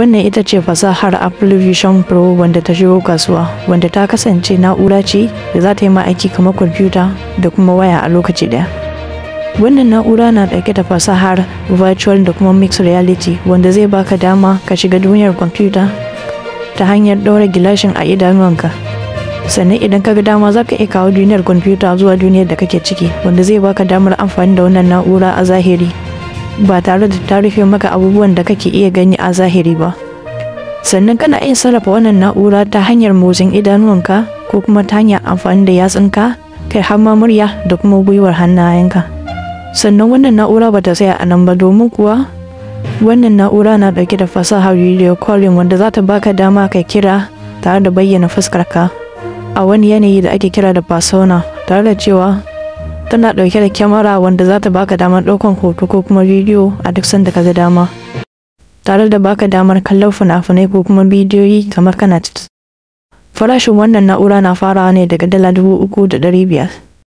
Wannan ita ce fasahar Apple Vision Pro wanda ta shigo kasuwa, wanda ta kasance na'ura ce da za ta yi ma'aiki kamar kwamfuta da kuma waya a lokaci daya. Wannan na'ura na ɗauke da fasahar virtual da kuma mixed reality wanda zai baka dama ka shiga duniyar kwamfuta ta hanyar ɗaura gilashin a idanuwanka. Sannan idan ka ga dama za ka iya kawo duniyar kwamfuta zuwa duniyar da kake ciki wanda zai baka damar amfani da wannan na'ura a zahiri. ba tare da ta rufe maka abubuwan da kake iya gani a zahiri ba sannan kana iya sarrafa wannan na'ura ta hanyar motsin idanuwanka ko kuma ta hanyar amfani da yatsunka kai har ma murya da kuma gwiwar hannayenka sannan wannan na'ura ba ta tsaya a nan ba domin kuwa wannan na'ura na ɗauke da fasahar video calling wanda za ta baka dama ka kira tare da bayyana fuskarka a wani yanayi da ake kira da persona tare da cewa tana ɗauke da kyamara wanda za ta baka damar ɗaukan hoto ko kuma bidiyo a duk sanda ka ga dama tare da baka damar kallon fina-finai ko kuma bidiyoyi kamar kana farashin wannan na'ura na farawa ne daga dala dubu uku da ɗari biyar